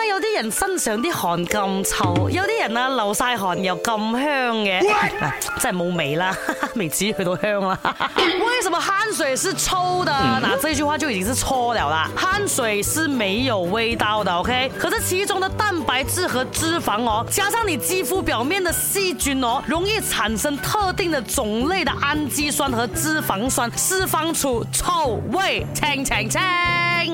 啊、有啲人身上啲汗咁臭，有啲人啊流晒汗又咁香嘅，啊，真係冇味啦，未至去到香啦。哈哈 為什麼汗水是臭的？嗱，mm. 啊，這句話就已經是錯了啦。汗水是沒有味道的，OK？可是其中的蛋白質和脂肪哦，加上你肌膚表面的細菌哦，容易產生特定的種類的氨基酸和脂肪酸，釋放出臭味，清清清。